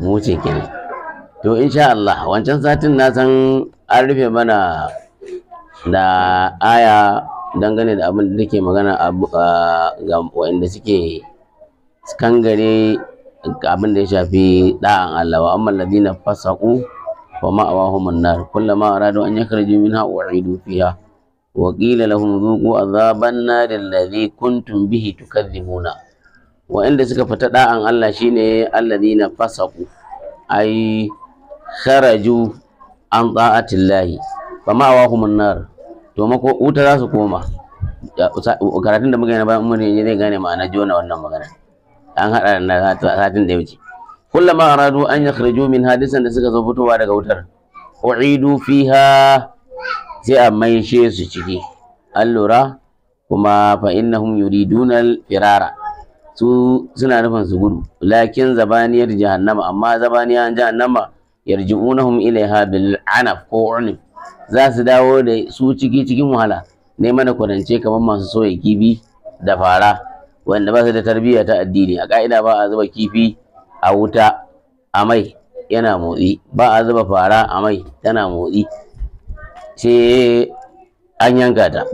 Muce kenan to insha Allah wancan satin na san an rufe mana da aya dangane da abin da take magana ga waɗanda suke kangare abin da ya shafi da'an Allah wa amma ladina fasaqu wa ma awahum annar kullama aradu an yakhruju minha u'idu fiha wa qila lahum dhuqu adhaban nar alladhi kuntum bihi tukadhibuna wa'anda suka fita da'an Allah shine alladhina fasaku. ay kharaju an ta'atillahi fama wahum an-nar to mako wuta za su koma karatun da muka yi na bayan umar ne zai gane ma'ana jona wannan magana an hada da satin da wuce kullama aradu an yakhriju min hadisan da suka zo fitowa daga wutar u'idu fiha sai a maishe su ciki an lura kuma fa innahum yuriduna al-firara su suna nufin su gudu lakin zabaniyar jahannama amma zabaniyan jahannama yarji'unahum ilaiha bil anaf ko unif za su dawo da su ciki cikin wahala Ne mana kwadance kamar masu soya kifi da fara wanda ba su da tarbiyya ta addini a ka'ida ba a zuba kifi a wuta a mai yana motsi ba a zuba fara a mai tana motsi sai an yanka ta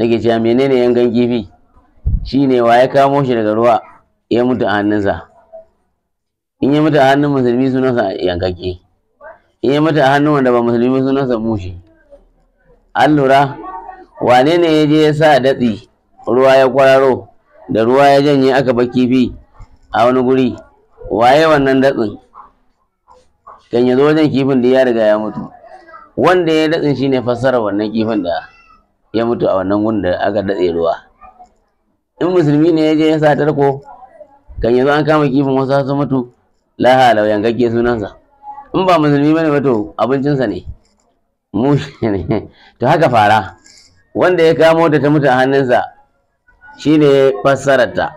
nake cewa menene yankan kifi shine wa ya kamo shi daga ruwa ya mutu a hannunsa in ya mutu a hannun musulmi sunansa yankake in ya mutu a hannun wanda ba musulmi sunansa mushi an lura wane ne ya je ya sa datsi ruwa ya kwararo da ruwa ya janye aka ba kifi a wani guri waye wannan datsin kan ya zo wajen kifin da ya riga ya mutu wanda ya datsin shine fassara wannan kifin da ya mutu a wannan gun da aka datse ruwa in musulmi ne ya je ya sa tarko kan yanzu an kama kifin wasu sun mutu laha lau yankakke sunansa in ba musulmi bane ba to abincinsa ne mushi ne to haka fara wanda ya kamo ta ta mutu a hannunsa shine fassararta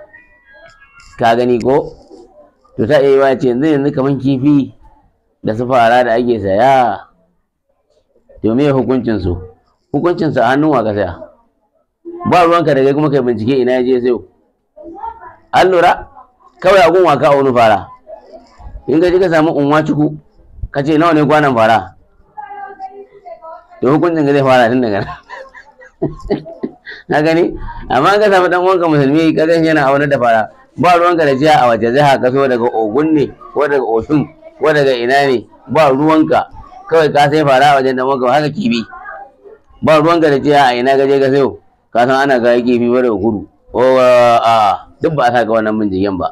ka gani ko to ta iya ce yanzu yanzu kaman kifi da su fara da ake saya to me hukuncinsu hukuncinsu a hannun wa ka saya ba ruwanka da kai kuma kai bincike ina ya je sayo an lura kawai agun waka a wani fara in ka ka samu unwa ciku ka ce nawa ne kwanan fara da hukuncin ka zai fara tun daga na gani amma ka samu dan uwanka musulmi ka gan yana aure da fara ba ruwanka da jiya a waje zai haka so daga ogun ne ko daga osun ko daga ina ne ba ruwanka kawai ka sai fara a wajen da maka haka kibi ba ruwanka da jiya a ina gaje ka sayo ka san ana gaya gefe bare gudu a duk ba a saka wannan binciken ba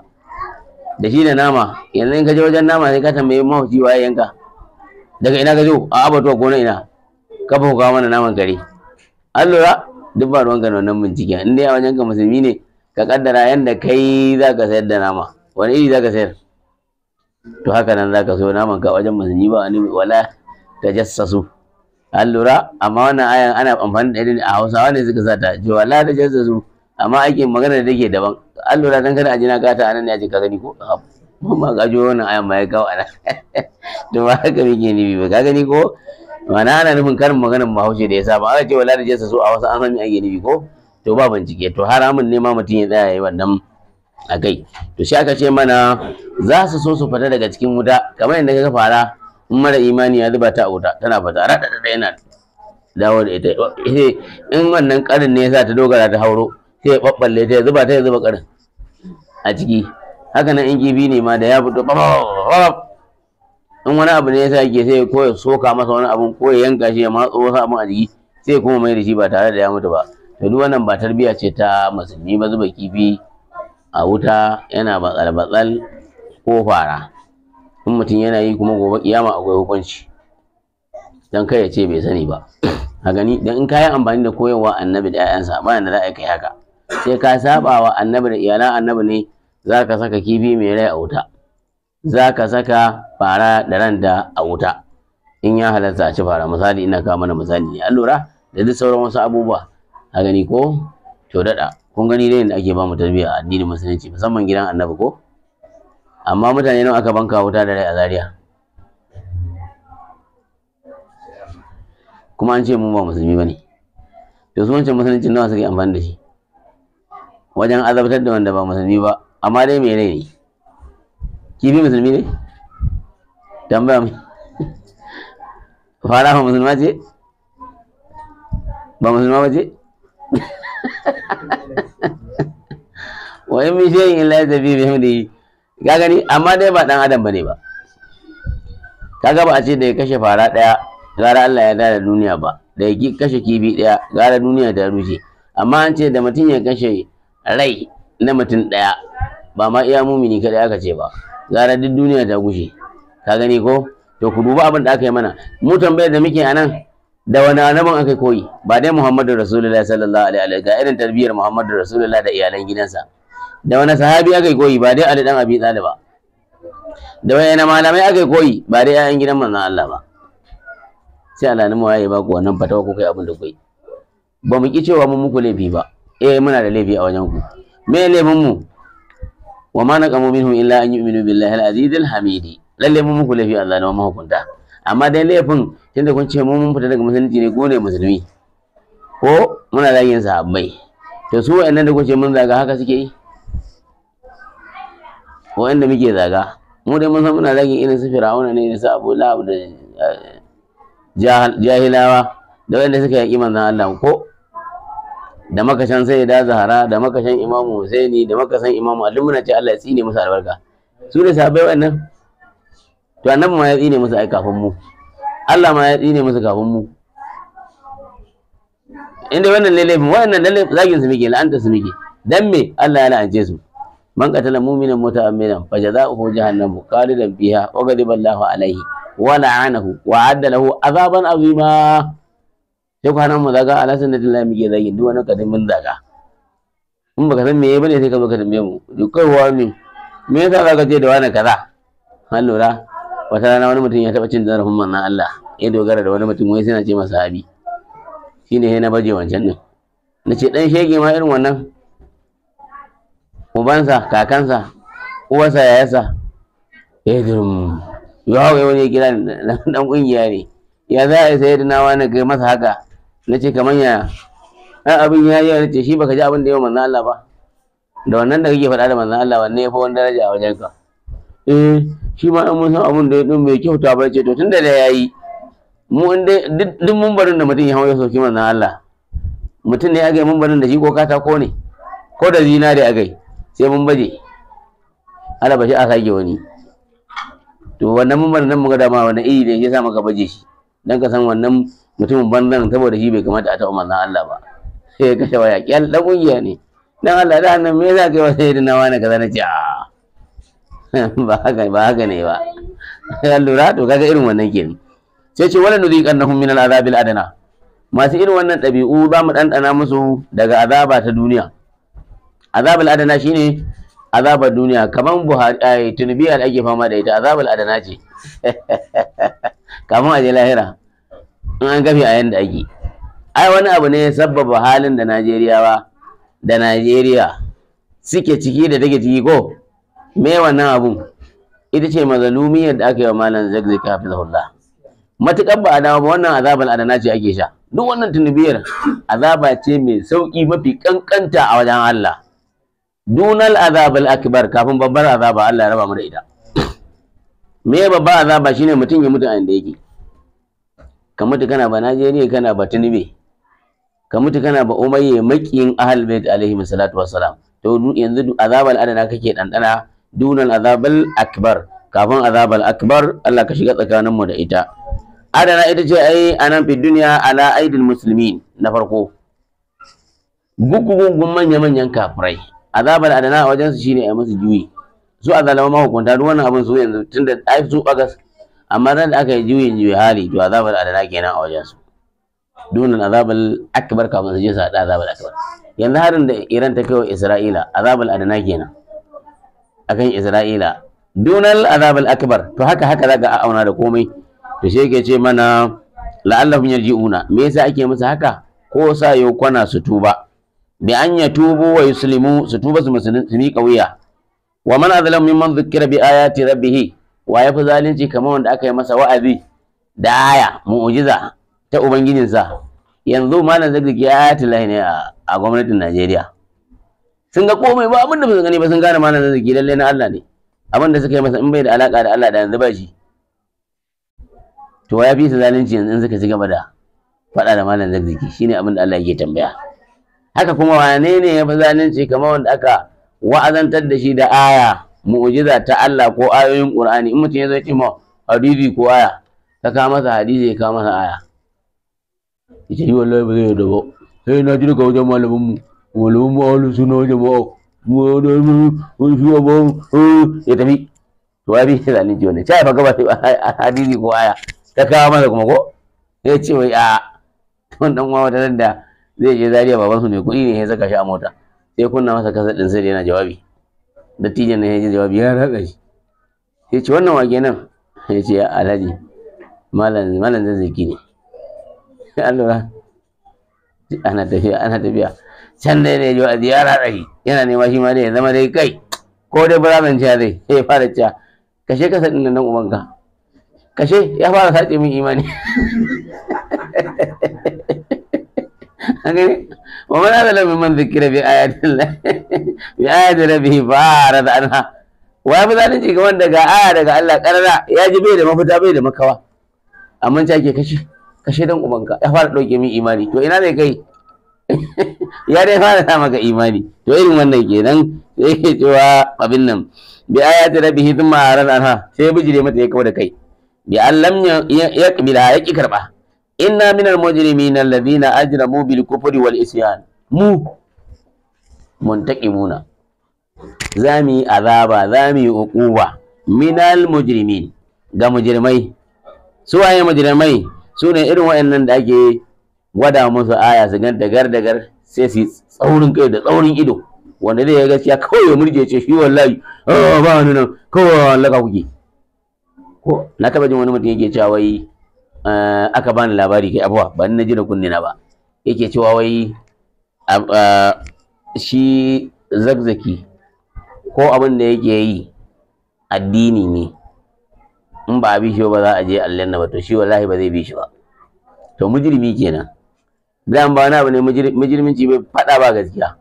da shi da nama yanzu in ka je wajen nama sai ka tambaye mahauci wa yanka daga ina ka zo a abatuwa ko na ina ka fa kawo mana naman kare an lura duk ba ruwan ga wannan binciken in dai a wajen ka musulmi ne ka kaddara yanda kai za ka sayar da nama wani iri za ka sayar to haka nan za ka so naman ka wajen musulmi ba wani wala tajassasu an lura amma wannan ayan ana amfani da irin a hausawa ne suka sata jiwa la jazza su. amma ake magana da take daban an lura dan kada a ji na gata anan ne a ji ka gani ko ma ga jiwa wannan ayan ma ya kawo ana to ba haka muke ni ba ka gani ko mana ana nufin karin maganar bahaushe da ya saba ana cewa la da su a wasu an sami ake nufi ko to ba bincike to haramun ne ma mutum ya tsaya yi wannan a kai to shi aka ce mana za su so su fita daga cikin wuta kamar yadda ka fara mara imani ya zuba ta a wuta tana ba ta rada da yana dawo da ita in wannan karin ne yasa ta dogara ta hauro sai ya babballe ta ya zuba ta ya zuba karin a ciki haka nan in gibi ne ma da ya fito in wani abu ne yasa yake sai ko ya soka masa wani abu ko ya yanka shi ya matso wasu abu a jiki sai kuma mai da shi ba tare da ya mutu ba to duk wannan ba tarbiya ce ta musulmi ba zuba kifi a wuta yana batsal-batsal ko fara in mutum yana yi kuma gobe kiyama akwai hukunci dan kai ya ce bai sani ba a gani dan in kayan amfani da koyarwa annabi da ƴaƴansa ba da za a kai haka sai ka saba wa annabi da iyalan annabi ne za ka saka kifi mai rai a wuta za ka saka fara da ran da a wuta in ya halatta a ci fara misali ina kawo mana misali ne an da duk sauran wasu abubuwa a gani ko to daɗa kun gani dai da ake ba mu tarbiyya addinin musulunci musamman gidan annabi ko amma mutane nawa aka banka wuta da rai a Zariya? kuma an ce mu ba musulmi bane to su wancan musulunci nawa suke amfani da shi wajen azabtar da wanda ba musulmi ba amma dai mai rai ne kifi musulmi ne tambaya mai fara ba musulma ce ba musulma ba ce wa in min shay'in la da yi. ga gani amma dai ba dan adam bane ba kaga ba a ce da ya kashe fara daya gara Allah ya dada duniya ba da ya kashe kibi daya gara duniya ta rushe amma an ce da mutum ya kashe rai na mutum daya ba ma iya mumini kadai aka ce ba gara duk duniya ta gushe ka gani ko to ku duba abin da aka yi mana mu tambayar da muke anan da wani annabin aka koyi ba dai Muhammadu Rasulullahi sallallahu alaihi wa sallam ga irin tarbiyar Muhammadu Rasulullahi da iyalan gidansa da wani sahabi aka yi koyi ba dai Ali dan Abi Talib ba da wani na malamai aka yi koyi ba dai yayan gidan manzon Allah ba sai Allah ne waye ba ku wannan fatawa ko kai abin da kai ba mu ki cewa mun muku laifi ba eh muna da laifi a wajen ku me laifin mu wa ma naqamu minhum illa an yu'minu billahi al-aziz al-hamid lalle mun muku laifi Allah ne wa mahukunta amma dai laifin tunda kun ce mun mun fita daga musulunci ne ko ne musulmi ko muna zagin sahabbai to su wa'annan da kuke mun zaga haka suke yi wa'anda muke zaga mu dai mun san muna zagin irin su fir'auna ne su abu lahab da eh, jahilawa da wanda suka yi manzon Allah ko da makashan sai da zahara da makashan imamu husaini da makashan imamu ali muna ce Allah ya tsine musu albarka su da sahabbai wannan to annabi ma ya tsine musu ai kafin mu Allah ma ya tsine musu kafin mu inda wannan laifin wannan laifin zagin su muke la'anta su muke dan me Allah ya la'ance su man qatala mu'minan muta'ammidan fajaza'uhu jahannamu khalidan fiha wa ghadiba Allahu alaihi wa la'anahu wa adda lahu azaban azima sai kwanan mu zaga ala sunnatillah muke zagi duk wani kadin mun zaga in baka san me yayi bane sai ka zo tambaye mu kai wa ne me yasa zaka ce da wani kaza an lura wata rana wani mutum ya taɓa cin zarafin manzon Allah ya dogara da wani mutum wai suna ce masa abi shine sai na baje wancan din na ce dan shege ma irin wannan ubansa kakansa uwarsa yayarsa ya eh, durmu ya hau wani ya kira dan kungiya ne ya za a sayar da wani ga kai masa haka na ce kamar ya an ah, abin ya yi na ce shi baka ji abin da yau manzan Allah ba da wannan da kake faɗa da manzan Allah wanne ya fi wani daraja a wajen ka eh shi ma an mun san abin da ya ɗin bai kyauta ba ce to tun da ya yi mu in dai duk mun barin da mutum ya hau ya soki manzan Allah mutum ne ya ga mun barin da shi ko katako ne ko da zinare a gai sai mun baje ana shi a sake wani to wannan mun bar nan muka dama wannan iri ne yasa muka baje shi dan ka san wannan mutumin bandan saboda shi bai kamata a taɓa manzon Allah ba sai ya kashe waya kyal da kungiya ne dan Allah da nan me za ka yi wa nawa ne kaza na ci ah. ba haka ba haka ne ba ya lura to kaga irin wannan kenan sai ce wala nuziqannahum min al-azabil adana masu irin wannan ɗabi'u za mu ɗanɗana musu daga azaba ta duniya azabul adana shine azabar duniya kaman buhari eh, tunubi da ake fama da ita azabul adana ce kaman aje lahira in an gafe a yanda ake ai wani abu ne sababa sabbaba halin da najeriyawa da najeriya suke ciki da take ciki ko me wannan abun ita ce mazalumiyar da aka yi wa malam zagzag hafizahullah matukan ba adama ba wannan azabal adana ce ake sha duk wannan tunubiyar azaba ce mai sauki mafi kankanta a wajen Allah dunal azabal akbar kafin babbar azaba Allah ya raba mu da ita me babbar azaba shine mutum ya mutu a inda yake ka mutu kana ba Najeriya kana ba Tinubu ka mutu kana ba Umayya makiyin Ahlul Bait alaihi salatu wassalam to yanzu azabal adana kake dandana dunal azabal akbar kafin azabal akbar Allah ka shiga tsakanin mu da ita adana ita ce ai anan fi duniya ala aidil muslimin na farko gugugun manya-manyan kafirai azabar adana a wajen su shine a musu juyi su azalama mahukunta duk wannan abin su yanzu tun da ai su bagas amma ran da aka yi juyin juyi hali to azabar adana kenan a wajen su dunan azabal akbar kafin su je su hada azabar akbar yanzu harin da Iran ta kai Isra'ila azabal adana kenan akan Isra'ila Dunan azabal akbar to haka haka zaka auna da komai to shi yake ce mana la'allahu yarji'una me yasa ake musu haka ko sa yau kwana su tuba bi an yatubu wa yuslimu su tuba su musulmi kauya wa man azlamu mimman dhukira bi ayati rabbih wa yafi zalunci kamar wanda aka yi masa wa'azi da aya mu'jiza ta sa. yanzu malam zai ya ayati lahi ne a gwamnatin Najeriya sun ga komai ba abinda ba su gani ba sun gane malam zakzaki lalle na Allah ne abinda suka yi masa in bai da alaka da Allah da yanzu ba shi to ya fi su zalunci yanzu in suka ci gaba da faɗa da malam zakzaki shine abinda Allah yake tambaya haka kuma wane ne ya fi zalunci kamar wanda aka wa'azantar da shi da aya mu'jiza ta Allah ko ayoyin Qur'ani in mutum ya zo ce ma hadisi ko aya ka kawo masa hadisi ya kawo masa aya yace yi wallahi ba zai yarda ba sai na ji daga wajen malamin mu malamin mu ahlus sunna wa jama'a mu da mu shi ba ya tafi to abi sai zalunci wannan sai ba gaba hadisi ko aya ka kawo masa kuma ko ya ce wai a wannan uwa wata da zai je zariya babansu ne kuɗi ne ya saka shi a mota sai kunna masa kasar ɗin sai yana jawabi dattijan nan ya ji jawabi ya ratsa shi sai ce wannan wage nan ya ce alhaji malam malam zazzaki ne allura ana tafiya ana tafiya can dai ne jawabi ya ratsa shi yana nema shi ma dai ya zama dai kai ko dai buranan cha dai ya fara cha kashe kasar ɗin nan ubanka kashe ya fara sace min imani ومن أذل ممن ذكر بآيات الله بآيات ربه فأعرض عنها وابو zalunci ga wanda ga aya daga Allah karara ya ji bai da mafita bai da makawa amma ta ke kashe kashe dan ya fara dauke min imani to ina zai kai ya dai fara sa maka imani to irin wannan kenan sai yake cewa abin nan bi ayati rabbihi thumma arana sai bijire mata ya kawo da kai bi allam ya ya kabila ya karba inna minal mujrimina alladhina ajramu bil kufri wal isyan mu muntaqimuna za mu yi azaba za mu yi uquba minal mujrimin ga mujrimai su waye mujrimai su ne irin wayannan da ake gwada musu aya su gan dagar dagar sai su tsaurin kai da tsaurin ido wanda zai gaskiya kawai ya murje ce shi wallahi ah, ba ni nan kawai allaka kuke ko na taba jin wani mutum yake cewa wai Eh, aka bani labari kai abuwa ba na ji da kunne na ba yake cewa wai eh, shi zagzaki ko abin da yake yi addini ne in ba a bi shi ba za a je na ba to shi wallahi ba zai bi shi ba to mujrimi kenan dan ba na bane mujriminci bai fada ba gaskiya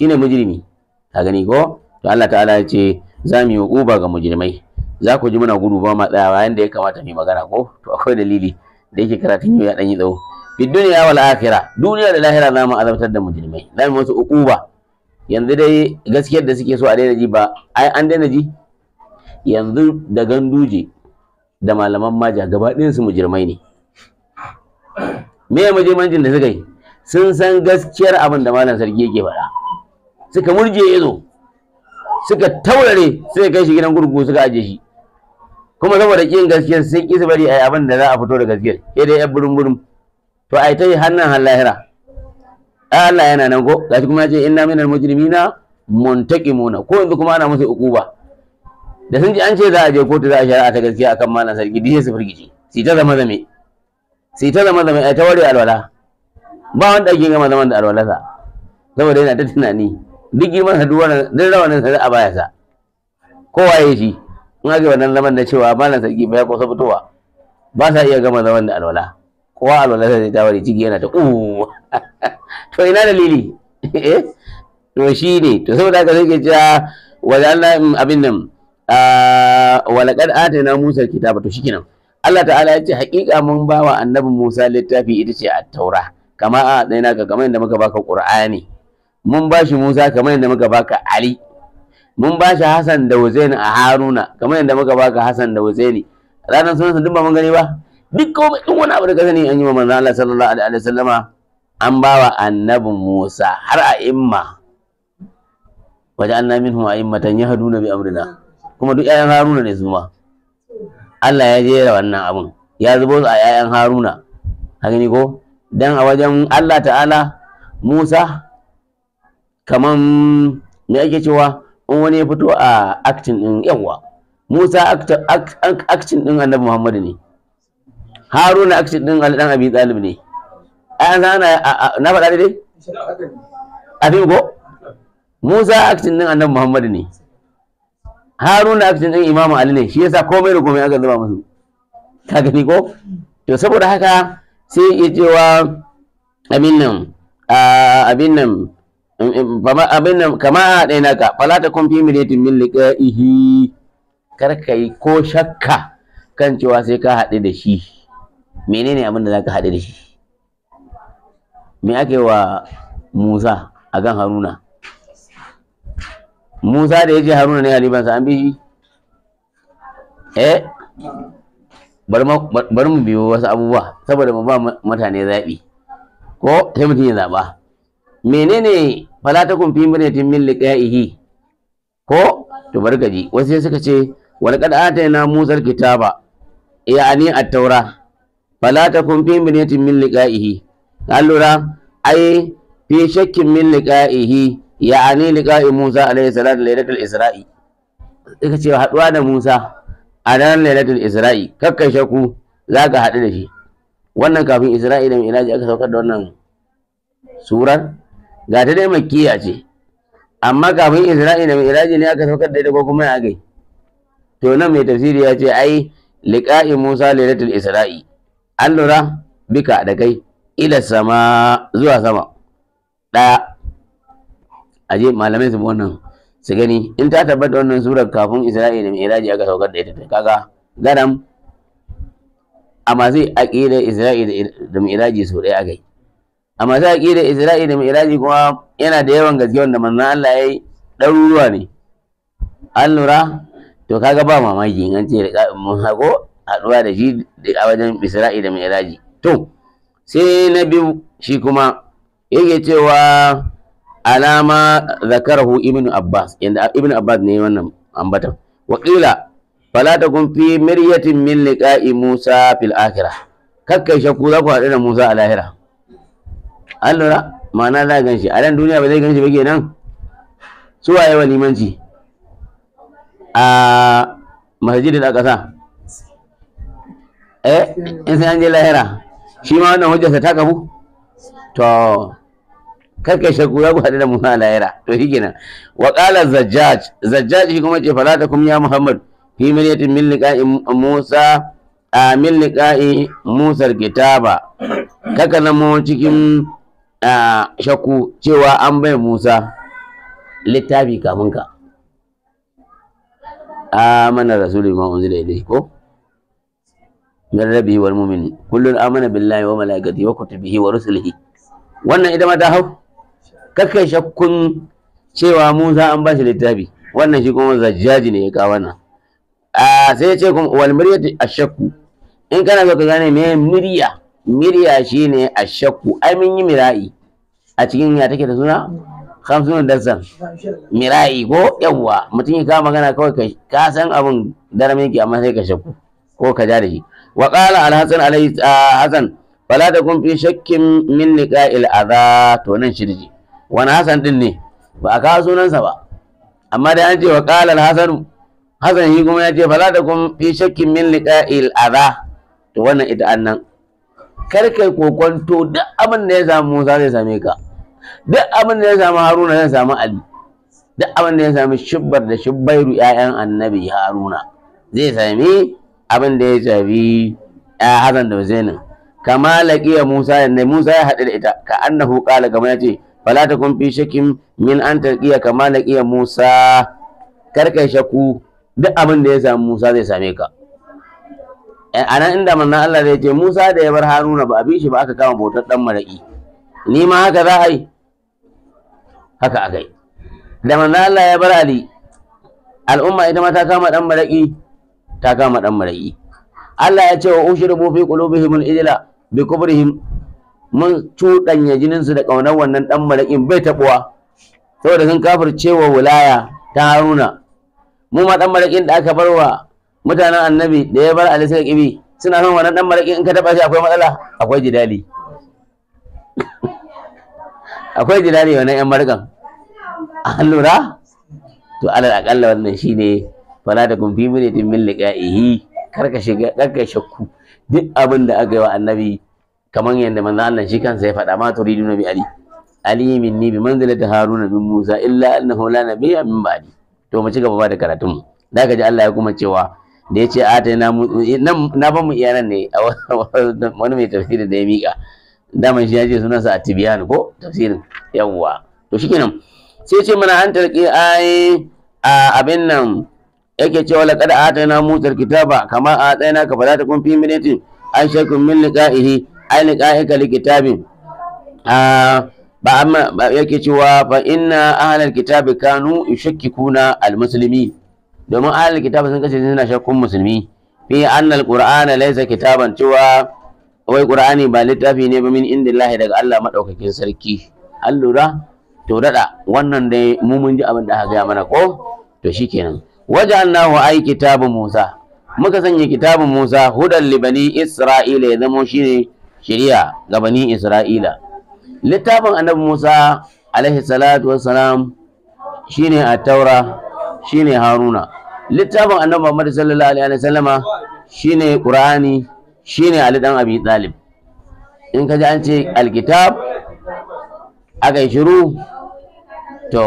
shine mujrimi ka gani ko to Allah ta'ala ya ce za mu yi uba ga mujrimai za ku ji muna gudu ba ma tsayawa yanda ya kamata mu magana ko to akwai dalili da yake karatun yau ya dan yi tsawo fi duniya wal akhirah duniya da lahira za mu azabtar da mujrimai za mu musu uquba yanzu dai gaskiyar da suke so a daina ji ba ai an daina ji yanzu da ganduje da malaman maja gaba ɗayan su mujrimai ne me ya jin da suka yi sun san gaskiyar abin da malam sarki yake faɗa suka murje ya zo, suka taurare sai kai shi gidan gurgu suka ajiye shi kuma saboda kin gaskiyar sun ki su ai abin da za a fito da gaskiyar sai dai ya burum burum to ai tai hannan har lahira ai Allah yana nan ko gashi kuma yace inna minal mujrimina muntaqimuna ko yanzu kuma ana musu ukuba da sun ji an ce za a je kotu za a shari'a ta gaskiya akan malam sarki dai su firgici sai ta zama zame sai ta zama zame ai ta ware alwala ba wanda ake gama zaman da alwalarsa saboda yana ta tunani duk girman sa duk rawanin sa a baya sa kowa ya shi in aka wannan zaman na cewa malam sarki ba ya kusa fitowa ba sa iya gama zaman da alwala kowa alwala sai ta wari ciki yana ta uh to ina dalili eh? to shi ne to saboda haka sai ke cewa wajen abin nan walaƙar atana musa kitaba to shikenan Allah ta'ala ya ce haƙiƙa mun ba wa annabi Musa littafi ita ce a taura kama a ɗaya kamar yadda muka baka ƙur'ani mun ba shi Musa kamar yadda muka baka Ali mun ba shi Hassan da Hussein a Haruna kamar yadda muka baka Hassan da Hussein ranar sunan sun ba mun gani ba duk komai duk wani abu da ka an yi wa manzon Allah sallallahu alaihi wasallama an bawa annabi Musa har a imma waje an namin huma immatan yahduna bi amrina kuma duk ƴaƴan Haruna ne su ma Allah ya jera wannan abun ya zubo su a ƴaƴan Haruna a gani ko dan a wajen Allah ta'ala Musa kaman me ake cewa in wani ya fito a aktin din yawa Musa aktin din Annabi Muhammadu ne Haruna aktin din Ali Abi Talib ne ai an sana na faɗa dai a fi ko Musa aktin din Annabi Muhammadu ne Haruna aktin din Imam Ali ne shi yasa komai da komai aka zuba musu ka gani ko to saboda haka sai ya cewa abin nan abin nan abin kama a ɗaya naka falata kun fi min liqa'ihi kar ka yi ko shakka kan cewa sai ka haɗu da shi menene abin da ka haɗu da shi me ake wa Musa a kan Haruna Musa da ya je Haruna ne sa an bi shi eh bari mu biyo wasu abubuwa saboda mu ba mutane zaɓi ko sai mutum ya zaɓa menene fala kun fi miryatin min liqa'ihi ko to bari wasu sai suka ce walqad atayna musar kitaba yani at-taura fala kun fi miryatin min liqa'ihi allura ay fi shakkin min liqa'ihi yani liqa'i Musa alayhi salatu lailatul isra'i suka ce haduwa da Musa a ranar lailatul isra'i kakkan shaku zaka haɗu da shi wannan kafin isra'i da ina aka saukar da wannan surar ga ta dai makkiya ce amma kafin isra'i da mi'raji ne aka saukar da ita ko kuma ya gai to nan mai tafsiri ya ce ai liqa'i musa lailatul isra'i an lura bika da kai ila sama zuwa sama ɗaya aje malamai su wannan su gani in ta tabbata wannan surar kafin isra'i da mi'raji aka saukar da ita kaga garam amma zai aƙida isra'i da mi'raji sau ɗaya a gai amma ta da isra'i da mi'raji kuma yana da yawan gaske wanda manzon Allah yayi ɗaruruwa ne an lura to kaga ba mamaki in an ce mun a haɗuwa da shi a wajen isra'i da mi'raji to sai na biyu shi kuma yake cewa alama zakarahu ibnu abbas yanda ibnu abbas ne wannan ambatan Waƙila. fala takun fi miryatin min liqa'i musa fil akhirah kakkai shakku za ku haɗu da musa a lahira an lura ma'ana za a gan shi a nan duniya ba zai gan shi ba kenan su waye wa limanci a masjidin a ƙasa eh in sai an je lahira shi ma wannan hujjarsa ta kafu to karka shakku ya haɗu da musa lahira to shi kenan wa qala zajjaj zajjaj shi kuma ce falata kuma ya muhammad fi miliyatin min liqa'i musa a min liqa'i musa kitaba kaka nan mu cikin shakku cewa an bai Musa littafi kamun ka amana rasulu ma unzila daidai ko min rabbihi wal mu'minin kullum amana billahi wa malaikatihi wa kutubihi wa rusulihi wannan ita ma ta hau kakkai shakkun cewa Musa an ba shi littafi wannan shi kuma zajjaji ne ya kawo wannan sai ya ce kuma wal miryatu ashakku in kana so ka gane me murya mirya a shakku ai mun yi mira'i a cikin ya take da suna hamsin dasan mira'i ko yawwa mutum ya kama magana kawai ka san abin daramin ki amma sai ka shakku ko ka ja da shi wa qala al hasan alayhi hasan fala kun fi shakkin min liqa'il adha to nan shirji wani hasan din ne ba a kawo sunansa ba amma dai an ce wa qala al hasan hasan shi kuma ya ce fala kun fi shakkin min liqa'il adha to wannan ita annan kar kai kokonto duk abin da ya samu Musa zai same ka duk abin da ya samu Haruna zai samu Ali duk abin da ya samu Shibbar da Shibbairu ƴaƴan Annabi Haruna zai same abin da ya zabi ya Hazan da nan kama laqiya Musa ne Musa ya hadu da ita ka annahu qala kamar yace fala takun fi shakin min an taqiya kama laqiya Musa kar kai shaku duk abin da ya samu Musa zai same ka a nan inda manna Allah zai ce Musa da ya bar Haruna ba a bi shi ba aka kama bautar dan maraki ni ma haka za a yi haka aka yi da manna Allah ya bar Ali al'umma ita ma ta kama dan maraki ta kama dan maraki Allah ya ce wa ushribu fi qulubihim al-ijla bi kubrihim mun cuɗanya su da ƙaunar wannan dan marakin bai taɓuwa saboda sun kafircewa wilaya ta Haruna mu ma dan marakin da aka barwa mutanen annabi da ya bar ali suka kibi suna son wannan dan maraki in ka taba shi akwai matsala akwai jidali akwai jidali wannan yan margan an lura to alal akalla wannan shine fala da kun fi tun din min karka shiga karka shakku duk abin da aka yi wa annabi kamar yadda manzo Allah shi kansa ya faɗa ma turiduna bi ali ali minni bi manzilati haruna bin musa illa annahu la nabiyya min ba'di to mu ci gaba da karatun mu ka ji Allah ya kuma cewa da ya ce a ta na na ba mu iyanan ne a wani mai tafsirin da ya miƙa daman shi ya ce sa a tibiyan ko tafsirin yawwa to shi kenan. sai ce mana an tarki ai a abin nan yake cewa laqad atayna musa kitaba kama tsayina ka fala takun fi minatin an shakun min liqa'ihi ai liqa'ika likitabin a ba amma yake cewa fa inna ahlal kitabi kanu yushakkikuna almuslimin domin ahlul kitabi sun kace suna shakkun musulmi fi annal qur'ana laysa kitaban cewa wai qur'ani ba littafi ne ba min indillahi daga Allah madaukakin sarki an lura to dada wannan dai mu mun ji abin da aka gaya mana ko to shikenan waja'alnahu ay kitabu Musa muka sanya kitabun Musa hudan libani Isra'ila ya zamo shi ne ga bani Isra'ila littafin annabi Musa alaihi salatu wassalam shine a taura shine haruna littafin annabi muhammad sallallahu alaihi sallama shine qur'ani shine ali dan abi talib in ka ji an ce alkitab aka yi shiru to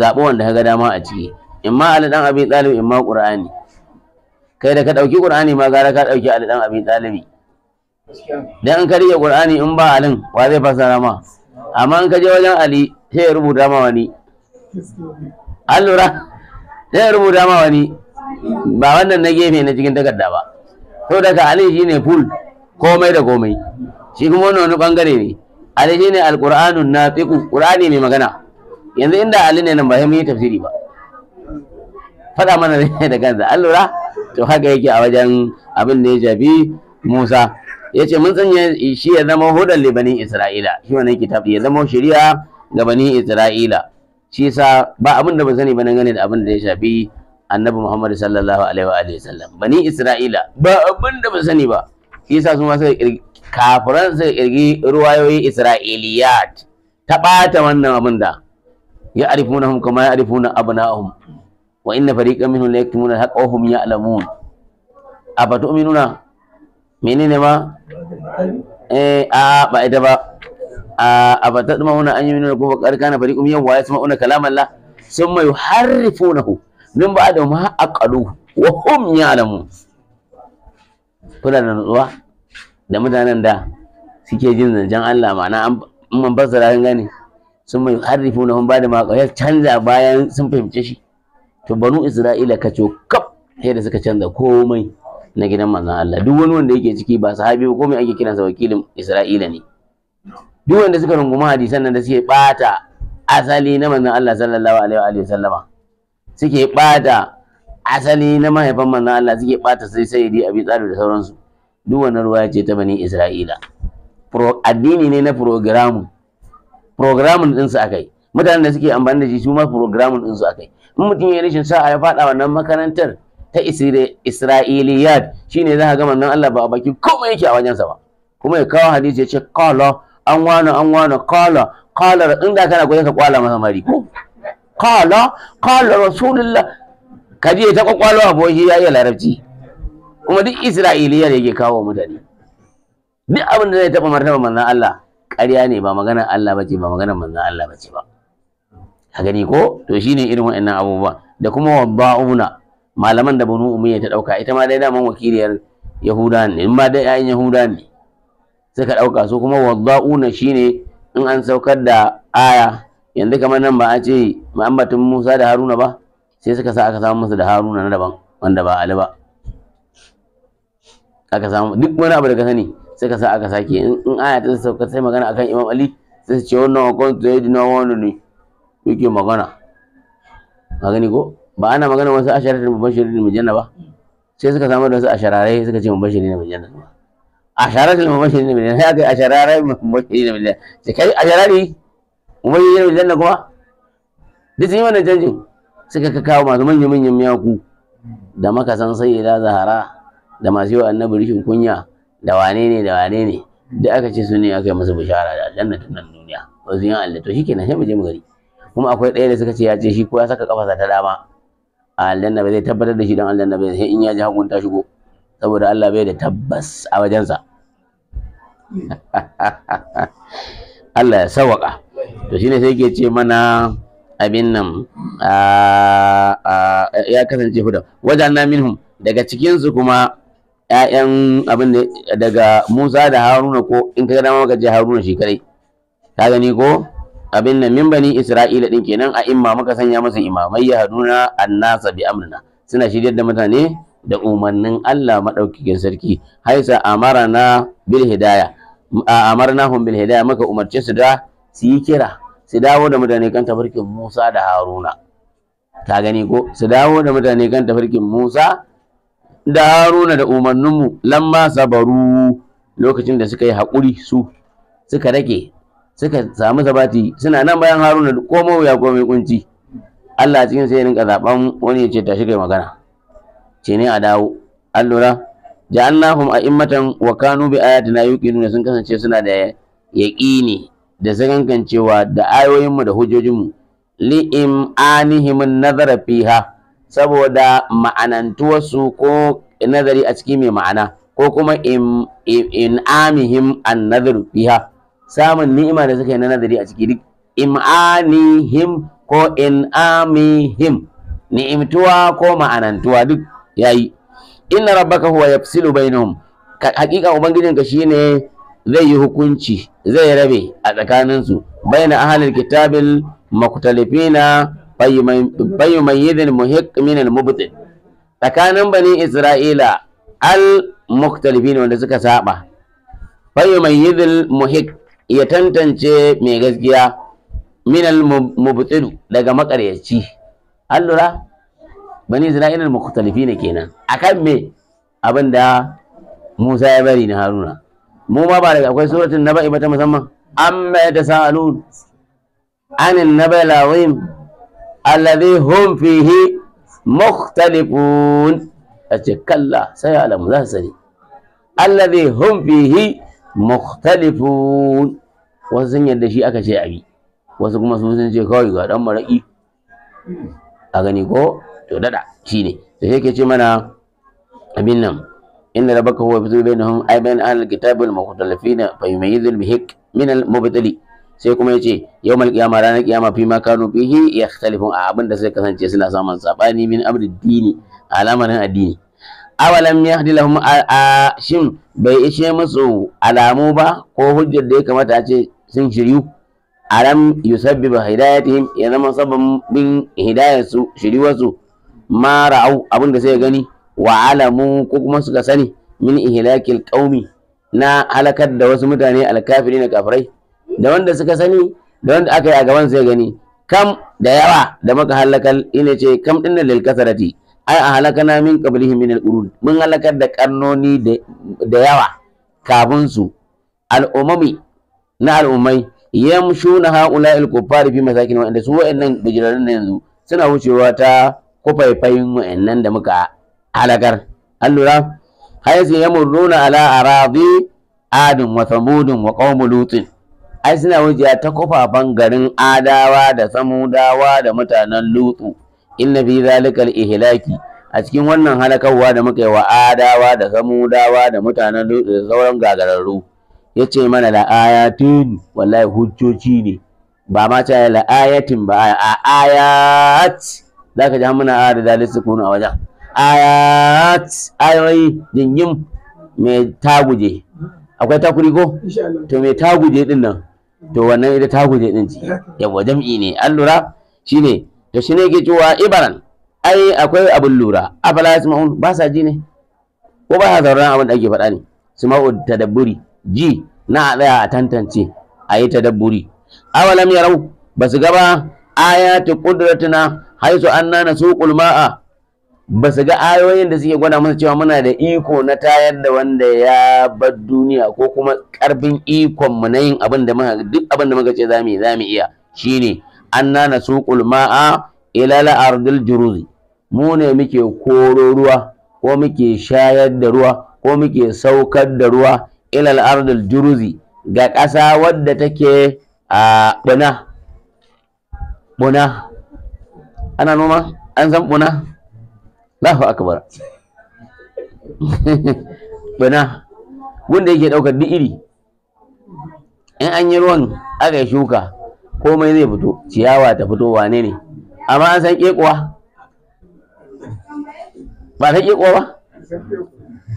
zaɓi wanda ka ga dama a ciki in ma ali dan abi talib in ma qur'ani kai da ka ɗauki ƙur'ani ma gara ka ɗauki ali dan abi Talib dan in ka rike ƙur'ani in ba alin wa zai fassara ma amma in ka je wajen ali sai ya rubuta ma wani an lura ya rubuta ma wani ba wannan na gefe na cikin takarda ba to daga ali ne full komai da komai shi kuma wannan wani bangare ne ali shine na fiku. Ƙur'ani mai magana yanzu inda ali ne nan ba sai tafsiri ba faɗa mana ne da kansa an to haka yake a wajen abin da ya shafi Musa ya ce mun sanya shi ya zama hudan libanin Isra'ila shi wannan kitab ya zama shari'a ga bani Isra'ila shi yasa ba abin da ba sani ba dangane da abin da ya shafi annabi Muhammad sallallahu alaihi wa alihi sallam bani Isra'ila ba abin da ba sani ba shi yasa su ma suka kafiran suka kirgi ruwayoyi Isra'iliyat ta bata wannan abin da ya hum kama ya arifuna abna'ahum wa inna fariqan minhum la yaktumuna al-haqqa wa hum ya'lamun afatu'minuna menene ma eh a ba ita ba an أفتطمعون أن يؤمنوا لكم وقد كان فريق منهم ويسمعون كلام الله ثم يحرفونه a بعد wa أقلوه ya alamu. kuna da nutsuwa da mutanen da suke jin zancen Allah ma'ana an man fassara kan gane sun mai harrifu na hun da maka ya canza bayan sun fahimce shi to banu Isra'ila ka kaf sai da suka canza komai na gidan manzon Allah duk wani wanda yake ciki ba sahabi ba komai ake kiransa wakilin Isra'ila ne duk wanda suka runguma hadisan nan da suke bata asali na manzon Allah sallallahu alaihi wa sallama suke bata asali na mahaifan manzon Allah suke bata sai sai abi tsari da sauransu duk wannan ruwaya ce ta bani Isra'ila addini ne na program program din su akai mutanen da suke amfani da shi su ma program din su akai in mutum ya rashin sa'a ya fada wannan makarantar ta Isra'iliyat shine za ka ga manzon Allah ba a baki komai yake a wajensa ba kuma ya kawo hadisi ya ce qala an wana, an wana kala kala in da kana gwaje ka kwala masa mari kala kala rasulullah ka je ta kwakwalo aboki ya iya larabci kuma duk isra'iliya da yake kawo mutane duk abin da zai taɓa martaba manzan Allah ƙarya ne ba magana Allah ba ce ba magana manzan Allah ba ce ba ka gani ko to shine irin wa'annan abubuwan da kuma wabba'una malaman da bunu umayya ta ɗauka ita ma dai daman wakiliyar yahuda ne in ma dai 'ya'yan yahuda ne suka ɗauka su kuma wadda'una shine in an saukar da aya yanzu kamar nan ba a ce ma'ambatin Musa da Haruna ba sai suka sa aka samu musu da Haruna na daban wanda ba Ali ba aka samu duk wani abu da ka sani suka sa aka sake in aya ta sauka sai magana akan Imam Ali sai su ce wannan wakon to yadi dina wani ne yake magana Magani ko ba ana magana wasu da mu mujanna ba sai suka samu da wasu a ashararai suka ce mubashirin mujanna ba asharar mubashirin bil janna kai asharar mubashirin bil janna sai kai asharari mubashirin bil janna kuma duk sun yi wannan canjin suka ka kawo masu manyan manyan miyaku da makasan sai ila zahara da masu yi wa annabi rishin kunya da wane ne da wane ne da aka ce su ne aka yi masa bishara da aljanna ta nan duniya wasu yin Allah to shikenan sai mu je mu gari kuma akwai ɗaya da suka ce ya ce shi ko ya saka kafarsa ta dama a aljanna ba zai tabbatar da shi don aljanna ba sai in ya ji hagun ta shigo saboda Allah bai da tabbas a wajensa Allah ya sawaka to shine sai ke ce mana abin nan ya kasance huda wajanna minhum daga cikinsu kuma ‘ya'yan abin daga Musa da Haruna ko in ka gada maka je Haruna shi kadai ka gani ko abin nan min bani Isra'ila din kenan a imma muka sanya masa imamai ya haruna annasa bi amrina suna shirya da mutane da umarnin Allah madaukakin sarki haisa amara na bil hidaya amarnahum bil hidayah maka umarce su da su yi kira su dawo da mutane kan tafarkin Musa da Haruna ka gani ko su dawo da mutane kan tafarkin Musa da Haruna da umarninmu lamma sabaru lokacin da suka yi hakuri su suka rage suka samu sabati suna nan bayan Haruna da komo ya komai kunci Allah cikin sai ya rinka zaban wani ya ce tashi kai magana ce ne a dawo an ja'alnahum a'immatan wa kanu bi ayatina nuna sun kasance suna da yaqini da cewa da ayoyinmu da hujjojinmu li im'anihim nazara fiha saboda ma'anantuwarsu ko nazari a ciki mai ma'ana ko kuma in'amihim an nazaru fiha samun ni'ima da suka yi na nazari a ciki duk im'anihim ko in'amihim ni'imtuwa ko ma'anantuwa duk yayi inna rabbaka huwa yafsilu bainahum hakika ka shine zai yi hukunci zai rabe a tsakaninsu baina ahlil kitabil muktalifina fayumayyidin muhiq min al mubtil tsakanin bani isra'ila al muktalifina wanda suka saba fayumayyidil muhiq ya tantance mai gaskiya min al mubtil daga makaryaci allura bani isra'ilal mukhtalifi ne kenan akan me abin da Musa ya bari na Haruna mu ma ba daga akwai suratul naba'i ba ta musamman amma yatasaalun anil naba'il azim alladhi hum fihi mukhtalifun ce kalla sai alamu za su sani alladhi hum fihi mukhtalifun wasu sun yadda shi aka ce abi wasu kuma sun ce kawai ga dan maraki a gani ko to dada shine to yake ce mana abin nan inna rabbaka huwa yafsu bainahum ay bain ahli alkitab wal mukhtalifin fa yumayyizu bihiq min al mubtali sai kuma yace yawmal qiyamah ranar qiyama fi ma kanu fihi yakhtalifun a abin da sai kasance suna samun sabani min amri dini alamarin addini awalam yahdi lahum shin bai ishe musu alamu ba ko hujjar da ya kamata a ce sun shiryu alam yusabbiba hidayatihim ya zama sabbin hidayarsu shiryuwarsu ma ra'au abin da suka gani wa alamu ko kuma suka sani min ihlakil qaumi na halakar da wasu mutane alkafiri na kafirai da wanda suka sani da wanda aka yi a gaban sai gani kam da yawa da maka halakal ina ce kam din lil kasarati ai a halakana min qablihi min al urud mun halakar da karnoni da yawa kafin su al umami na al umai yamshuna haula al kuffar fi masakin wa inda su wa'annan bijirarin yanzu suna wucewa ta kufaifayin wa'annan da muka halakar an lura haisu ya murruna ala arabi adin wa samudin wa qaumu lutin ai suna wajiya ta kufafan garin adawa da samudawa da mutanen lutu inna fi zalika ihlaki a cikin wannan halakarwa da muka yi wa adawa da samudawa da mutanen lutu da sauran gagararru ya ce mana la ayatin wallahi hujjoji ne ba ma ce la ayatin ba a ayat za ka ji muna a da su kunu a wajen ayat ayoyi jingim mai taguje akwai takuri ko to mai taguje din nan to wannan ita taguje din ce yawa jam'i ne an lura shine to shine ke cewa ibaran ai akwai abin lura afala yasma'un ba sa ji ne ko ba sa sauraron abin da ake faɗa ne ta tadabburi ji na a tsaya a tantance a yi tadabburi awalam yarau ba su gaba ayatu qudratina haizu nana suƙul ma'a ba su ga ayoyin da suke gwada masa cewa muna da iko na tayar da wanda ya bar duniya ko kuma ƙarfin ikon mu na yin abin da muka duk abin da muka ce yi iya shine anna nasuqul ma'a ila al-ardil juruzi mu ne muke koro ruwa ko muke shayar da ruwa ko muke saukar da ruwa ila ardil juruzi ga ƙasa wadda take a buna buna ana noma an san buna Allahu akbar buna wanda yake daukar duk iri in an yi ruwan aka yi shuka komai zai fito ciyawa ta fito wane ne amma an san kekuwa ba ta kekuwa ba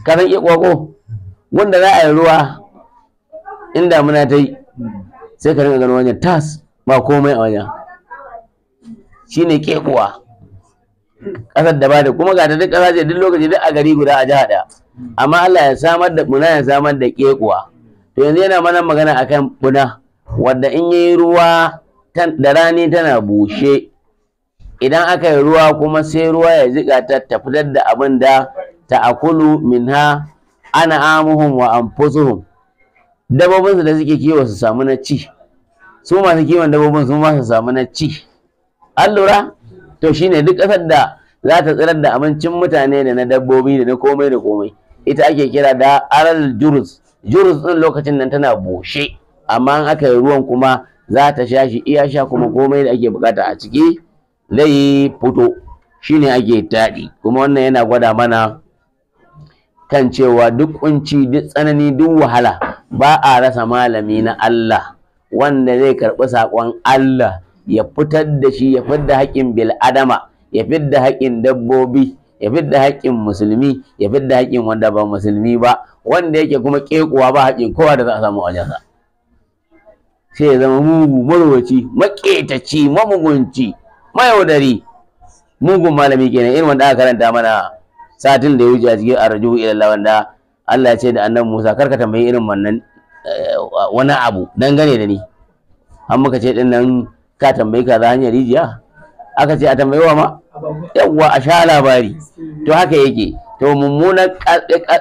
ka san kekuwa ko wanda za a yi ruwa in damuna ta yi sai ka rinka gano wajen tas ba komai a wajen shine kebuwa kasar da ba da kuma ga ta duk kasa ce duk lokaci duk a gari guda a jiha ɗaya amma Allah ya samar da buna ya samar da kekuwa to yanzu yana mana magana akan buna wadda in yi ruwa da rani tana bushe idan aka yi ruwa kuma sai ruwa ya jika ta ta da abin da ta akulu ha ana amuhun wa amfusuhun dabobinsu da suke kiwo su samu na ci su masu kiwon dabobinsu su ma su samu na ci an lura to shine duk ƙasar da za ta tsirar da abincin mutane da na dabbobi da na komai da komai ita ake kira da aral jurus jurus ɗin lokacin nan tana bushe amma in aka yi ruwan kuma za ta sha shi iya sha kuma komai da ake bukata a ciki zai fito shine ake taɗi kuma wannan yana gwada mana kan cewa duk kunci duk tsanani duk wahala ba a rasa malami na Allah wanda zai karɓi saƙon Allah ya fitar da shi ya fidda haƙƙin bil adama ya fidda haƙƙin dabbobi ya fidda haƙƙin musulmi ya fidda haƙƙin wanda ba musulmi ba wanda yake kuma ƙekuwa ba haƙƙin kowa da za a samu wajensa sai ya zama mugu marwaci maƙetaci mamugunci mayaudari mugun malami kenan irin wanda aka karanta mana satin da ya wuce a cikin arjuhu ila wanda Allah ya ce da annabi Musa karka tambayi irin wannan eh, wani abu dangane da ni an muka ce din ka tambayi ka za hanyar rijiya aka ce a tambayi wa ma yawwa a sha labari to haka yake to mummunan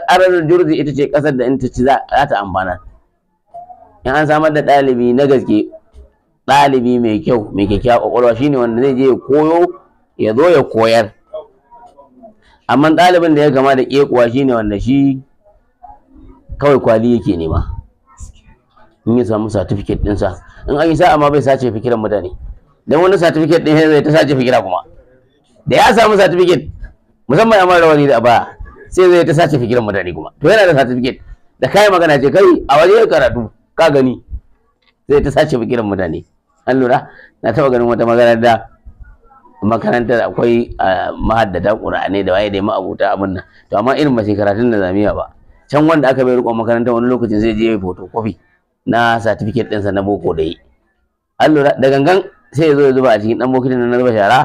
ƙarar jurzi ita ce ƙasar da ita ta ci za ta amfana in an samar da ɗalibi na gaske ɗalibi mai kyau mai kyakkyawa ƙwaƙwalwa shine wanda zai je ya koyo ya zo ya koyar amma ɗalibin da ya gama da ƙekuwa shine wanda shi kawai kwali yake nema in ya samu satifiket ɗinsa in an yi sa'a ma bai sace fikiran mutane dan wani certificate din zai ta sace fikira kuma da ya samu certificate musamman amma rawani da baya sai zai ta sace fikiran mutane kuma to yana da certificate da kai magana ce kai a waje karatu ka gani zai ta sace fikiran mutane an lura na taba ganin wata magana da makarantar akwai mahaddata qur'ani da waye da ma'abuta abun nan to amma irin ba shi karatun da zamiya ba can wanda aka bai rikon makarantar wani lokacin zai je ya yi fotokofi na certificate ɗinsa na boko da yi an lura da gangan sai ya zo ya zuba a cikin ɗan bokitin na zuba shara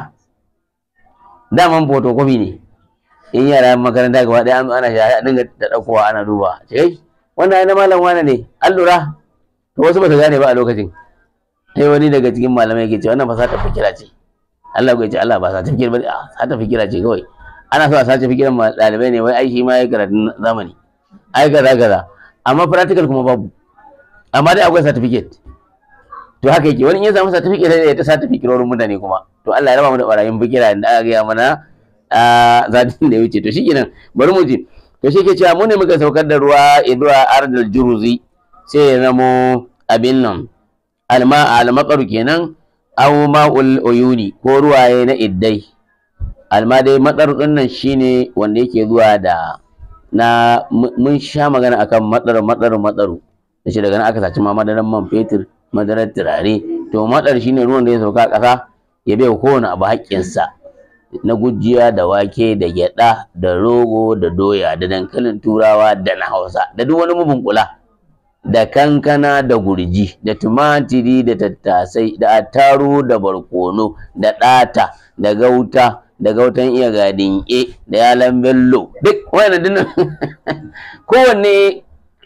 daman photocopy ne in yara makaranta gaba ɗaya ana shara dinga da ɗaukowa ana duba Cikai, wannan ai na malam wane ne an lura to wasu ba ta gane ba a lokacin sai wani daga cikin malamai yake ce wannan ba sata fikira ce Allah ya ce Allah ba sata fikira ba ah, sata fikira ce kawai ana so a sace fikiran ɗalibai ne wai ai shi ma ya karatun zamani ai gaza gaza amma practical kuma babu amma dai akwai certificate to haka yake wani in ya samu certificate da ya ta certificate wurin mutane kuma to Allah ya raba mu da barayin bikira da aka gaya mana a zadin da ya wuce to shikenan bari mu ji to shi ke cewa mu ne muka saukar da ruwa idra ardal juruzi sai ya zamo abin nan alma almaqaru kenan aw ma'ul uyuni ko ruwaye na iddai alma dai matsar din nan shine wanda yake zuwa da na mun sha magana akan matsar matsar matsaru da shi daga nan aka saci ma madarar man fetur madarar turare to matsar shine ruwan da ya sauka ƙasa ya bai kowane abu haƙƙinsa na gujiya da wake da gyaɗa da rogo da doya da dankalin turawa da na hausa da duk wani mubin kula da kankana da gurji da tumatiri da tattasai da attaru da barkono da ɗata da gauta da gautan iya gadin e da yalan bello duk wani dinnan kowanne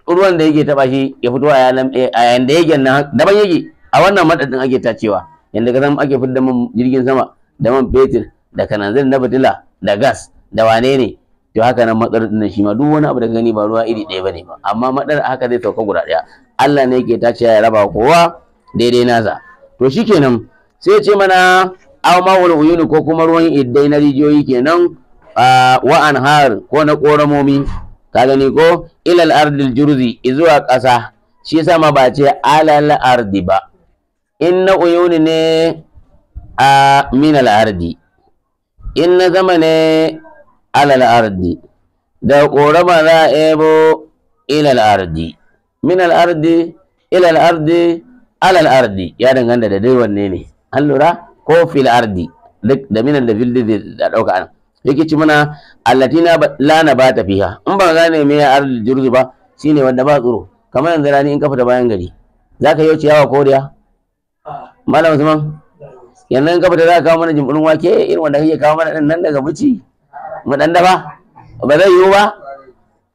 ruwan da yake taba shi ya fito eh, a yayin da yake nan daban yake a wannan madadin ake tacewa yanda gasar ake fitar man jirgin sama da man fetur da kananzir na fitila da gas da wane ne to haka nan matsar din shi ma duk wani abu da gani ba ruwa iri ɗaya bane ba amma madar haka zai sauka guda ɗaya Allah ne yake tacewa ya raba kowa daidai nasa to shikenan sai ya ce mana aw ma'ul ko kuma ruwan iddai na rijiyoyi kenan ah, wa anhar ko na koramomi ka gani ko ilal ardil jurzi izuwa ƙasa shi yasa ma ba ce alal ardi ba in na uyuni ne a minal ardi in na zama ne alal ardi da ƙorama za a ebo ilal ardi minal ardi ilal ardi alal ardi ya danganta da dai wanne ne an lura ko fil ardi duk da minan da fil da ɗauka anan yake ci mana allatina la ta fiha in ba gane me ya ardul jurzu ba shine wanda ba tsoro kamar yanzu rani in ka fita bayan gari zaka yi ciyawa koriya malam usman yanzu in ka fita zaka kawo mana jimburin wake irin wanda kake kawo mana nan daga buci mu dan da ba zai yiwu ba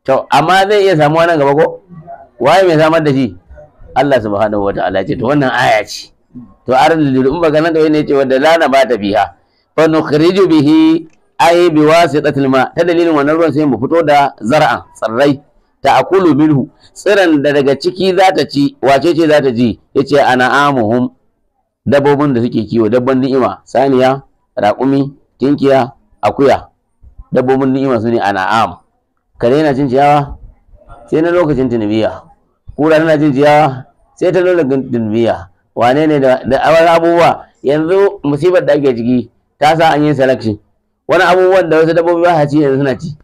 to amma zai iya samu nan gaba ko waye mai samar da shi Allah subhanahu wataala ce to wannan aya ce to ardul jurzu in ba ga da wani ne ce wanda la ta fiha fa nukhriju bihi ai bi wasitatil ma ta dalilin wannan ruwan sai mu fito da zar'a tsirrai ta akulu minhu tsiran da daga ciki za ta ci wace ce za ta ji yace ana amuhum dabbobin da suke kiwo dabban ni'ima saniya raƙumi tinkiya akuya dabbobin ni'ima su ne am. kare na cin ciyawa sai na lokacin tunbiya. kura tana cin ciyawa sai ta lokacin tunbiya. wane ne da awar abubuwa yanzu musibar da ake ciki ta sa an yi selection wani abubuwan da wasu dabbobi ba ci yanzu suna ci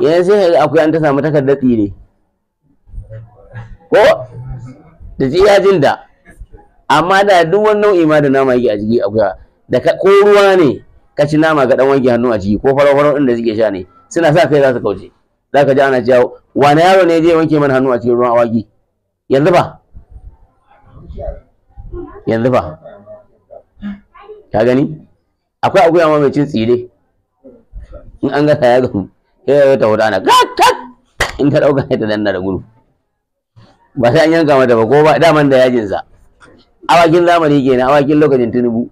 yanzu sai ga akwai an ta samu takardar tsire ko da jin da amma da duk wani nau'i ma da nama yake a jiki akwai da ko ruwa ne ka ci nama ga dan wanke hannu a jiki ko farau farau din da suke sha ne suna sa kai za su kauce za ka ji ana cewa wani yaro ne zai wanke mana hannu a cikin ruwan awaki yanzu ba yanzu ba ka gani akwai akwai amma mai cin tsire in an gasa ya gasu sai ya ta hudu ana kakak in ta ɗauka ta danna da gudu ba sai an yanka mata ba ko ba daman da yajinsa. sa awakin zamani kenan awakin lokacin tunubu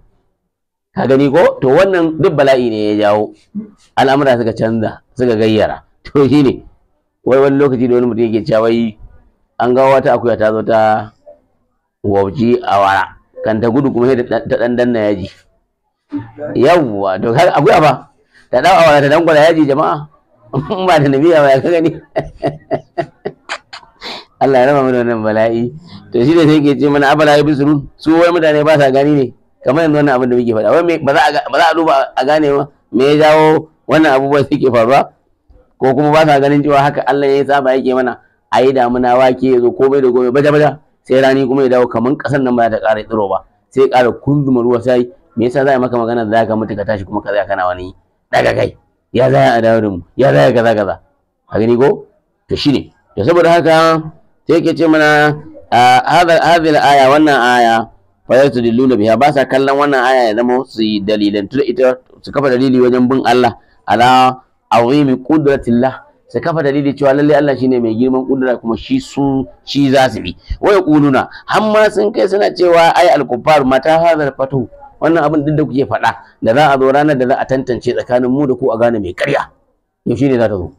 ka gani ko to wannan duk bala'i ne ya jawo al'amura suka canza suka gayyara to shine wai wani lokaci da wani mutum yake cewa wai an ga wata akuya ta zo ta wauji a wara kan gudu kuma sai ta dan danna yaji yawwa to har akuya ba ta dawo wa ta dangwala yaji jama'a ba da nabiya ba ya ka gani Allah ya rama mu da wannan bala'i to shi da sai ke ce mana abala ya bisuru su wai mutane ba sa gani ne kamar yanzu wannan abin da muke faɗa wai ba za a duba a gane ma? me ya jawo wannan su suke faruwa ko kuma ba sa ganin cewa haka Allah ya saba yake mana a yi damuna wake yazo komai da komai baja baja sai rani kuma ya dawo kamar ƙasar nan ba ta ƙara tsiro ba sai ƙara kunzuma ruwa sai me yasa za a maka magana da za ka mutu ka tashi kuma ka kana wani daga kai ya za a dawo da mu ya za kaza kaza a gani ko to ne. to saboda haka sai yake ce mana hadhihi al-aya wannan aya fa yastadilluna biha ba sa kallon wannan aya ya zama su yi dalilan tura ita su kafa dalili wajen bin Allah ala azimi qudratillah su kafa dalili cewa lalle Allah shine mai girman kudura kuma shi su shi za su bi wa yaquluna hamma sun kai suna cewa ai al-kuffar mata hadhal fatu wannan abin duk da kuke faɗa da za a zo ranar da za a tantance tsakanin mu da ku a gane mai ƙarya yaushe ne za ta zo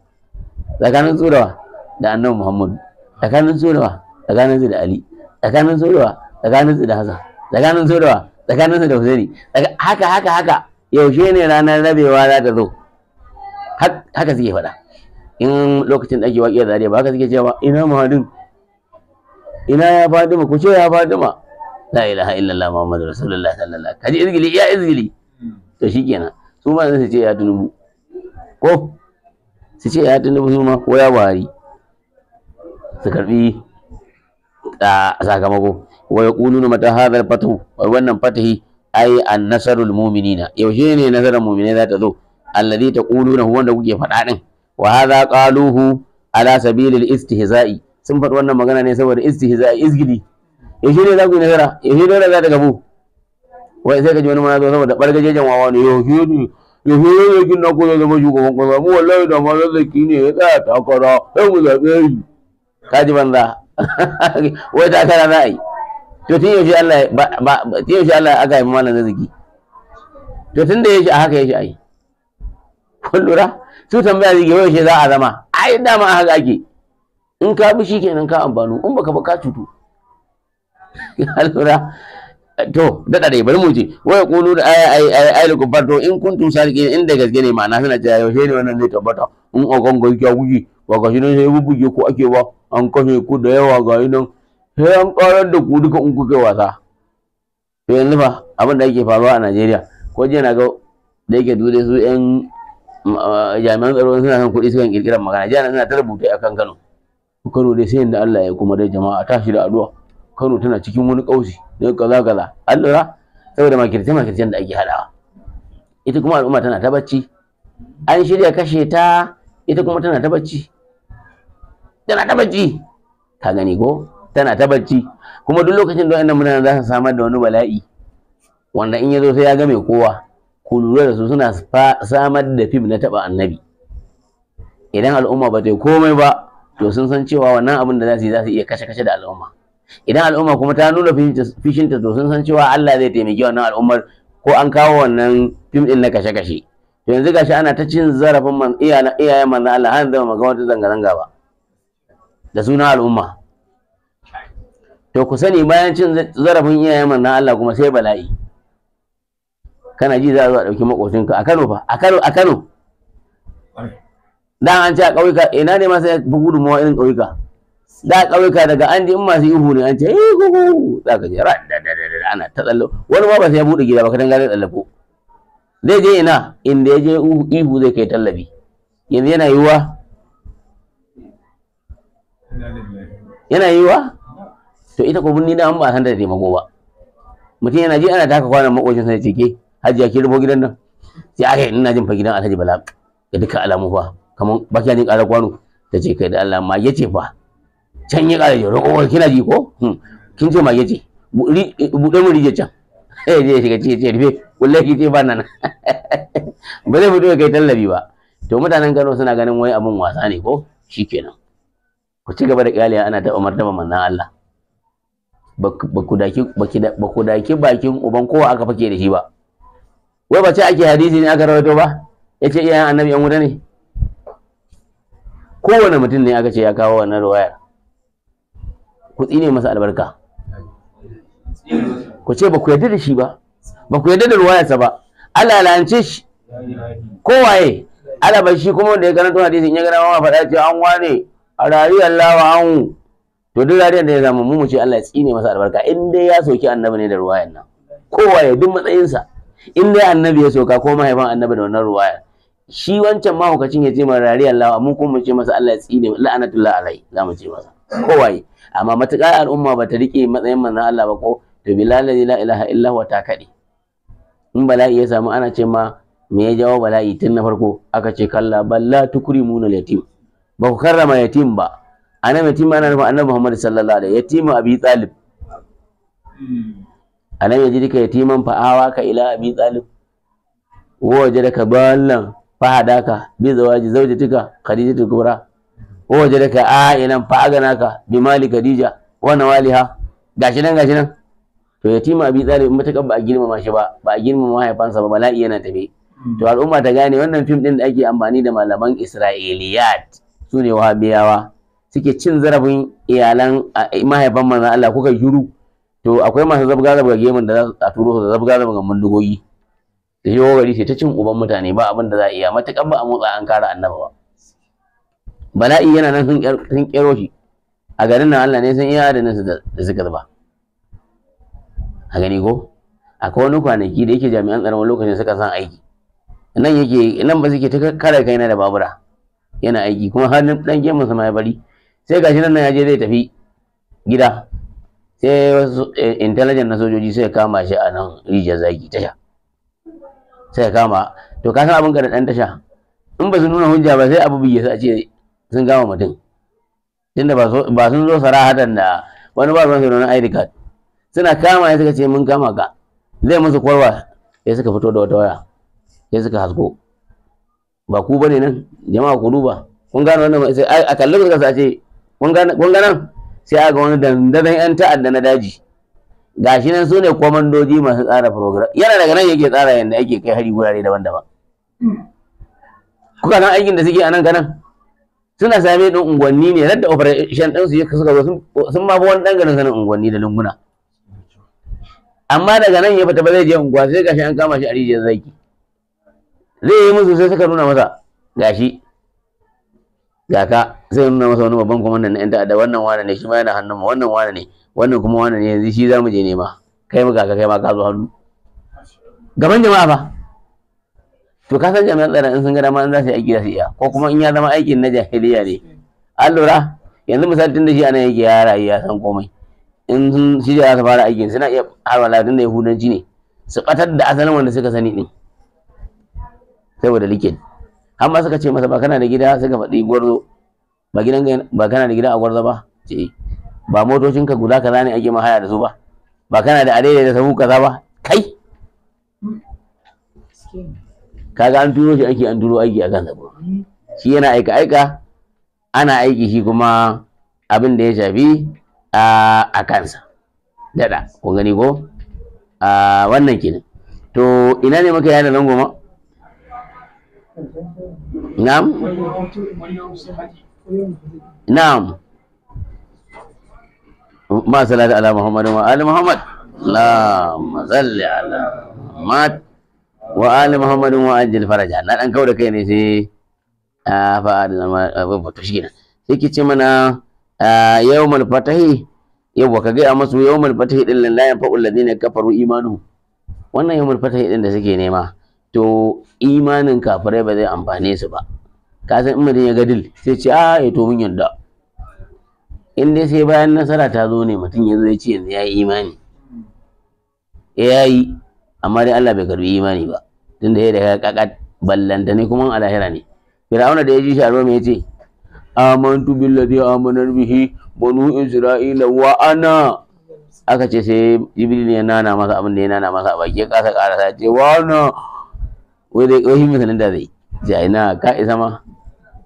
tsakanin tsorawa da annabi muhammadu tsakanin tsorawa tsakanin su da ali tsakanin tsorawa tsakanin su da hasan tsakanin tsorawa tsakanin su da husaini haka haka haka yaushe ne ranar rabewa za ta zo haka suke faɗa in lokacin ɗage waƙiyar zariya ba haka suke cewa ina Muhammadu? ina ya faɗi ma ku ce ya faɗi ma? la ilaha illallah muhammadu rasulullah sallallahu kaji izgili ya izgili to shikenan su ma su ce ya tunubu ko su ce ya tunubu su ma ko ya buhari su karbi a sakamako wa yaquluna mata hadha al-fathu wannan fatahi ai an mu'minina yaushe ne nasarar mu'minai za ta zo alladhi taquluna huwa wanda kuke faɗa din wa hadha qaluhu ala sabilil sun faɗi wannan magana ne saboda istihza'i izgili yaushe ne za ku yi nasara yaushe dole za ta gabu Wa sai ka ji wani mana zo saboda bargajejen wawa ne yaushe ne yaushe ne yake na ku zama shugaban kasa mu wallahi da ma zazzaki ne ya tsaya takara sai mu zaɓe shi ka ji banza wai takara za a yi to tun yaushe Allah ba tun yaushe Allah aka yi malam zazzaki to tun da yaushe a haka yaushe a yi kun lura su tambaya zai yaushe za a zama ai dama a haka ake in ka bi shi ka amfanu in baka ba ka cutu lura to daɗa dai bari mu je waya kulu da ai ai ai ai lukubar to in kuntum sadiqin in da gaske ne ma'ana suna cewa yaushe ne wannan zai tabbata in ogon gonki ya guji ba ga shi ne sai bubuge ko ake ba an kashe ku da yawa ga nan sai an ƙarar da ku duka in kuke wasa to yanzu fa abin da yake faruwa a Najeriya ko jiya na ga da yake dole su yan eh, jami'an tsaro suna son kuɗi sukan ƙirƙirar magana jiya na suna ta rubuta kan Kano Kano dai sai inda Allah ya kuma dai jama'a tashi da addu'a Kano tana cikin wani kausi daga kaza kaza an lura saboda makirce makircen da ake hadawa ita kuma al'umma tana ta bacci an shirya kashe ta ita kuma tana ta bacci tana ta bacci ka gani ko tana ta bacci kuma duk lokacin da wannan mutanen za su samar da wani bala'i wanda in ya zo sai ya game kowa ku lura da su suna samar da fim na taba annabi idan al'umma ba ta yi komai ba to sun san cewa wannan abin da za su yi za su iya kashe-kashe da al'umma idan al'umma kuma ta nuna fishinta to sun san cewa Allah zai taimaki wannan al'ummar ko an kawo wannan fim din na kashe-kashe to yanzu gashi ana ta cin zarafin iyayen manzan Allah har zama maga wata zanga-zanga ba da suna al'umma to ku sani bayan cin zarafin iyayen manzan Allah kuma sai bala'i kana ji za a zo a ɗauki maƙocinka a Kano fa a Kano a Kano dan an ce a ƙauyuka ina ne ma sai gudunmawa irin ƙauyuka da ƙauyuka daga an ji in masu ihu ne an ce ihu eh, za ka da ana ta tsallo wani ma ba sai ya buɗe gida ba ka dangane tsallako zai je ina inda ya je ihu zai kai tallabi yanzu yana yiwuwa yana yiwuwa to ita ko ni da an ba san da taimako ba mutum yana ji ana taka kwanan makocin sa ce ke hajiya ke rubo gidan nan sai aka yi ina jin fa gidan alhaji bala ga duka alamu fa kamar baki ne ƙara kwano ta ce kai da Allah ma ya ce fa can ya kare yoro ko kina ji ko kin ce mage ce buɗe mu rije can eh je shiga ce ce rufe wallahi ce ba nan ba zai fito kai tallabi ba to mutanen Kano suna ganin wai abun wasa ne ko shikenan ku ci gaba da kyaliya ana taɓa martaba manzon Allah ba ku daki bakin uban kowa aka fake da shi ba wai ba ce ake hadisi ne aka rawaito ba ya ce iyayen annabi yan wuta ne kowane mutum ne aka ce ya kawo wannan ruwaya ku tsine masa albarka ku ce ba ku yarda da shi ba ba ku yarda da ruwayarsa ba Allah lance shi kowaye Allah ba shi kuma wanda ya karanta hadisin ya gana ma faɗa ce an wane a rayuwar lawa an to duk rariyar da ya zama mu mu ce Allah ya tsine masa albarka in dai ya soki annabi ne da ruwayar nan kowaye duk matsayinsa in dai annabi ya soka ko mahaifin annabi da wannan ruwayar shi wancan mahaukacin ya ce ma rariyar lawa mun kuma mu ce masa Allah ya tsine la'anatullah alai za mu ce masa kowaye amma matuƙa al'umma ba ta riƙe matsayin manzon Allah ba ko to billahi la ilaha illa wa ta kaɗe in bala'i ya samu ana ce ma me ya jawo bala'i tun na farko aka ce kalla balla tukrimuna yatim ba ku karrama yatim ba anan yatim ana nufin annabi Muhammad sallallahu alaihi yatim abi talib alam yajidika yatiman fa'awa ka ila abi talib wa wajadaka ballan hadaka bi zawaji zawjatika khadijatu kubra wa wajadaka a'ilan fa ka bi mali khadija wana waliha gashi nan gashi nan to yatima abi talib matakan ba a girmama shi ba ba a girmama mahaifansa ba bala'i yana tafe to al'umma ta gane wannan fim din da ake amfani da malaman isra'iliyat su ne wahabiyawa suke cin zarafin iyalan mahaifan manzon Allah kuka juru? to akwai masu zabga zabga gemin da za a turo su da zabga zabga mundugoyi da gari sai ta cin uban mutane ba abin da za a iya matakan ba a motsa an kara annaba ba bala'i yana nan sun kero shi a garin nan Allah ne sun iya adana su da suka zuba a gani ko akwai wani kwanaki da yake jami'an tsaron lokacin suka san aiki nan yake nan ba suke ta kare kaina da babura yana aiki kuma har dan gemun sama ya bari sai gashi nan ya je zai tafi gida sai wasu eh, intelligent na sojoji sai kama shi a nan rijiyar zaki tasha sai kama to ka san abin ka da dan tasha in ba su nuna hujja ba sai abu biye su a ce sun gama mutum inda ba sun zo sarahatan da wani ba zuwa sunan ID card suna kama ya suka ce mun kama ka zai musu korwa ya suka fito da wata waya ya suka hasko ba ku bane nan jama'a ku duba kun gano wannan sai a kalli suka sa kun gano Sai a ga wani dandazon yan ta'adda na daji gashi nan sune komandoji masu tsara program yana daga nan yake tsara yadda ake kai hari wurare daban-daban hmm. kuka san aikin da suke a nan ganan suna same ɗin unguwanni ne radda operation ɗinsu ya suka zo sun ma wani ɗan ganin sanin unguwanni da lunguna amma daga nan ya fita ba zai je unguwa sai gashi an kama shi a rijiyar zaki zai yi musu sai suka nuna masa gashi ga ka sai nuna masa wani babban kwamandan na yan ta'adda wannan wane ne shi ma yana hannun mu wannan wane ne wannan kuma wane ne yanzu shi za mu je nema kai mu kaka kai ma ka zo hannu gaban jama'a ba to ka san jami'an tsaron in sun ga dama za su yi aiki za su iya ko kuma in ya zama aikin na jahiliya ne an lura yanzu misali tun da shi ana yake yara ya san komai in sun shi da su fara aikin suna iya harwala tun da yahudanci ne su batar da asalin wanda suka sani din saboda likin amma suka ce masa ba kana da gida suka faɗi gwarzo ba gidan ba kana da gida a gwarzo ba ce ba motocinka guda kaza ne ake mahaya da su ba ba kana da adai da sabu kaza ba kai kaga an turo shi ake an turo aiki a kansa ko shi yana aika aika ana aiki shi kuma abin da ya shafi a kansa dada ko gani ko a wannan kenan to ina ne muka yana nan goma na'am na'am ma salatu ala muhammadin wa ali muhammad la mazalli ala muhammad wa ali muhammadin wa ajil faraja na dan da kai ne sai a fa to shi kenan sai ce mana yawmal fatahi yawwa kage a masu yawmal fatahi din lan la yanfa'u alladhina kafaru imanu wannan yawmal fatahi din da suke nema to imanin kafirai ba zai amfane su ba ka san in mutum ya ga dil sai ce a ya to mun yarda in dai sai bayan nasara ta zo ne mutum ya zo ya ce yanzu ya yi imani ya yi amma dai Allah bai karbi imani ba tunda ya daga kakat ballanta ne kuma a lahira ne fir'auna da ya ji sharo me yace amantu billadhi amana bihi banu isra'ila wa ana aka ce sai jibril ya nana masa abin da ya nana masa baki ya kasa karasa ce wa ana wai dai wai sanin da zai ji aina ka isa ma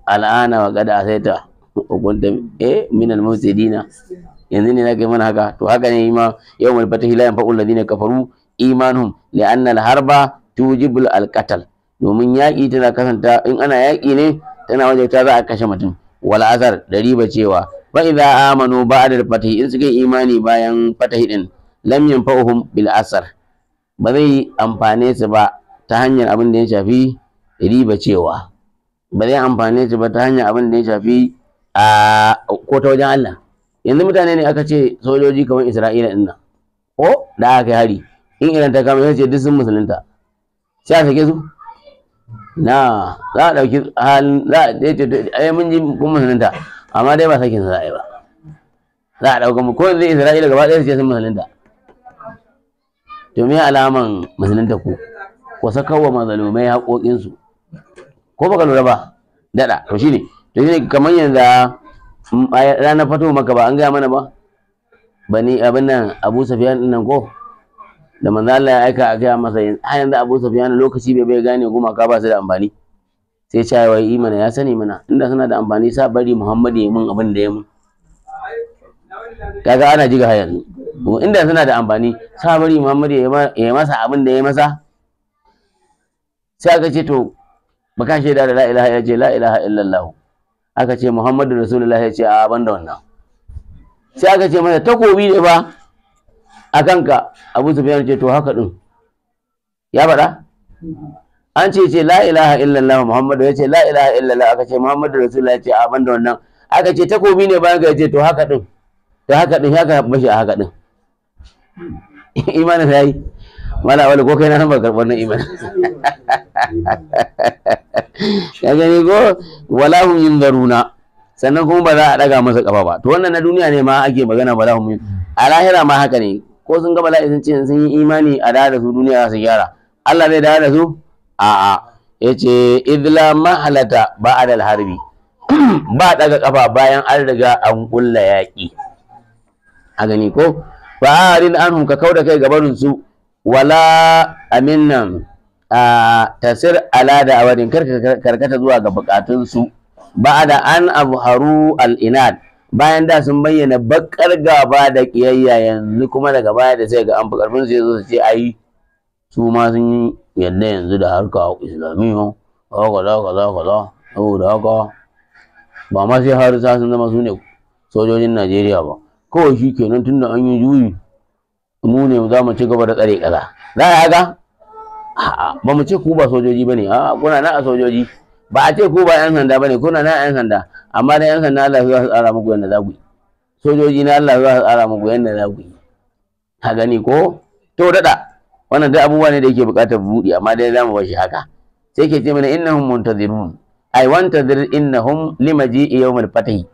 al'ana wa kada asaita hukunta eh min al-mufsidina yanzu ne na kai mana haka to haka ne ma yawmal fatahi la yanfa'u alladhina kafaru imanuhum li'anna al-harba tujibu al-qatl domin yaƙi tana kasanta in ana yaƙi ne tana ta za a kashe mutum wal azar da riba cewa fa idza amanu ba'da al in suka imani bayan fatahi din lam yanfa'uhum bil asar ba zai amfane su ba ta hanyar abin da ya shafi riba cewa ba zai amfane su ba ta hanyar abin da ya shafi a ko ta wajen Allah yanzu mutane ne aka ce sojoji kamar Isra'ila din ko da aka yi hari in iran ta kama sai ce duk sun musulunta sai a sake su na za a ɗauki halin za a ce ai mun ji kun musulunta amma dai ba sakin za a yi ba za a ɗauka ko zai isra'ila gaba ɗaya su ce sun musulunta to alaman musulunta ku ku saka wa mazalumai haƙoƙinsu ko baka lura ba daɗa to shi ne. to ne kamar yanzu mm, ranar fato maka ba an gaya mana ba bani abin nan abu safiya nan ko da manzo Allah ya aika a gaya masa har yanzu Abu Sufyan lokaci bai bai gane gumaka ba su da amfani sai ce wai imana ya sani mana inda suna da amfani sa bari Muhammadu ya mun abin da ya mun kaga ana jiga har Ko inda suna da amfani sa bari Muhammadu ya masa abin da ya masa sai aka ce to baka shaida da la ilaha ya ce la ilaha illallah aka ce Muhammadu Rasulullah ya ce a banda wannan sai aka ce mana takobi ne ba a kanka abu sufyan ce to haka din ya faɗa an ce ce la ilaha illallah muhammadu ya ce la ilaha illallah aka ce muhammadu rasulullah ya ce a banda wannan aka ce takobi ne bayan ya ce to haka din to haka din haka mashi a haka din imanin ta mala wala ko kai na ba karɓar nan imanin ya gani ko wala hum yunzaruna sannan kuma ba za a daga masa ƙafa ba to wannan na duniya ne ma ake magana ba za a lahira ma haka ne ko sun gaba la'i sun sun yi imani a da da su duniya su gyara Allah zai dawo da su a'a ce idla mahalata ba'da harbi ba daga kafa bayan an riga an kulla yaƙi a gani ko fa'arin an ka kauda kai gabanin su wala aminnan a tasir ala da awadin karkata zuwa ga bukatun su da an abharu al-inad bayan da sun bayyana bakar gaba da kiyayya yanzu kuma daga baya da sai ga an karfin sai zo su ce ai su ma sun yi yadda yanzu da harka islamiyya kaza kaza kaza saboda haka ba ma sai har sa sun zama su ne sojojin Najeriya ba kawai shi kenan tun da an yi juyi mu ne za mu ci gaba da tsare kaza za a ga a'a ba mu ce ku ba sojoji bane a'a kuna na a sojoji ba a ce ku ba yan sanda bane kuna na yan sanda amma da yankan na Allah za su tsara muku yadda za ku yi sojoji na Allah za su tsara muku yadda za ku yi ka gani ko to dada wannan dai abubuwa ne da yake buƙatar buɗi amma dai za mu bar shi haka sai ke ce mana innahum muntazirun ai wantazir innahum limaji'i yawmil fatih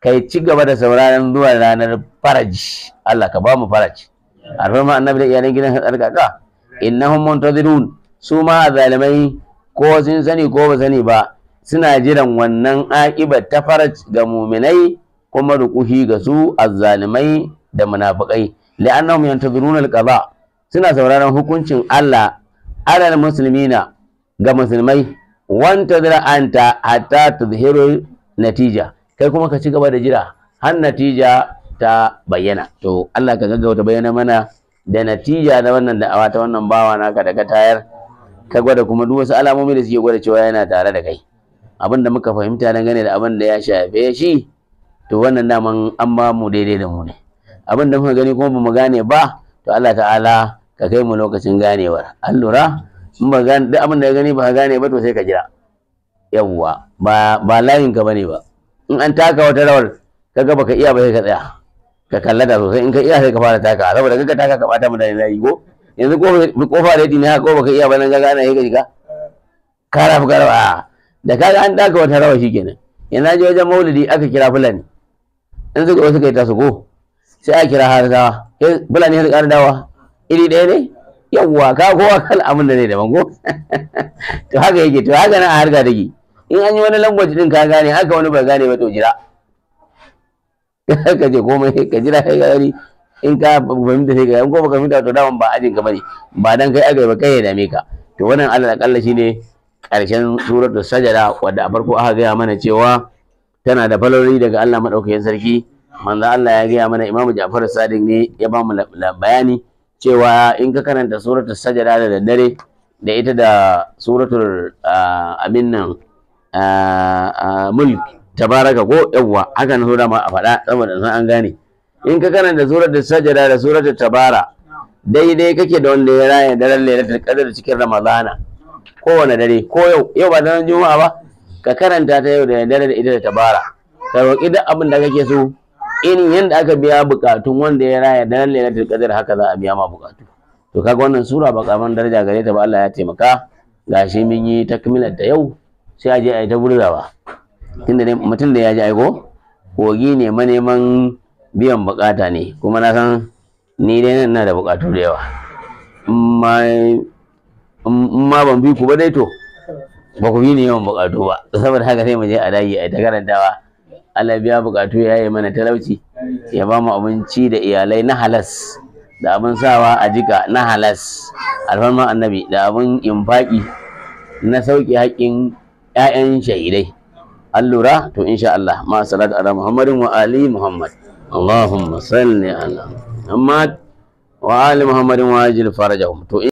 kai ci gaba da sauraron zuwa ranar faraji Allah ka ba mu faraji ma annabi da iyalan gidan tsarkaka innahum muntazirun su ma zalimai ko sun sani ko ba sani ba suna jiran wannan aƙibar ta faraj ga muminai kuma rukuhi ga su azzalimai da munafukai li'annahum yantazuruna al suna sauraron hukuncin Allah ala muslimina ga musulmai wanta zira anta hatta tuzhiru natija kai kuma ka ci gaba da jira har natija ta bayyana to Allah ka gaggauta bayyana mana da natija na wannan da'awa ta wannan bawa naka daga tayar ka gwada kuma duk wasu alamomi da suke gwada cewa yana tare da kai abin da muka fahimta dangane da abin da ya shafe shi to wannan daman an ba mu daidai da mu ne abin da muka gani kuma ba mu gane ba to Allah ta'ala ka kai mu lokacin ganewar an lura in ba gane duk abin da ka gani ba ka gane ba to sai ka jira yawwa ba ba layin ka bane ba in an taka wata rawar kaga baka iya ba sai ka tsaya ka kallata sosai in ka iya sai ka fara taka saboda kaga taka ka bata mutane layi ko yanzu kofa da yadi ne haka ko baka iya ba nan ga gane sai ka shiga kara fi da kaga an daka wata rawa shi kenan yanzu je wajen maulidi aka kira fulani in suka wasu kai tasu go sai aka kira harzawa fulani har dawa? iri ɗaya ne yawwa ka kowa kan abin da ne daban ko to haka yake to haka nan a harka take in an yi wani language din ka gane haka wani bai gane ba to jira ka je komai ka jira kai ga gani in ka fahimta sai ka in ko baka fahimta to daman ba ajin ka bane ba dan kai aka yi ba kai ya dame ka to wannan alal akalla shine ƙarshen da sajada wadda a farko aka gaya mana cewa tana da falori daga Allah madaukakin sarki manzo Allah ya gaya mana Imam Ja'far Sadiq ne ya ba mu bayani cewa in ka karanta da sajada da daddare da ita da suratul abin nan mulk tabaraka ko yawwa haka na sura ma a faɗa saboda san an gane in ka karanta da sajada da suratul tabara daidai kake da wanda ya raya daren lailatul qadr cikin ramadana kowane dare ko yau yau ba daren juma'a ba ka karanta ta yau da dare da ita da tabara ka roƙi duk abin da kake so irin yadda aka biya bukatun wanda ya raya daren lailatul da haka za a biya ma bukatu to kaga wannan sura ba karaman daraja gare ta ba Allah ya taimaka gashi mun yi takmilar da yau sai a je a yi ta burgawa tunda ne mutum da ya ji aiko kogi ne maneman biyan bukata ne kuma na san ni dai nan na da bukatu da yawa in ma ban bi ku ba dai to ba ku bi ni yawan bukatu ba saboda haka sai mu je a dage a ta karantawa Allah biya bukatu ya yi mana talauci ya ba mu abinci da iyalai na halas da abin sawa a jika na halas alfarman annabi da abin infaki na sauki haƙƙin 'ya'yan shahidai an lura to insha Allah ma salatu ala muhammadin wa ali muhammad allahumma salli ala muhammad wa ali muhammadin wa ajil farajahum to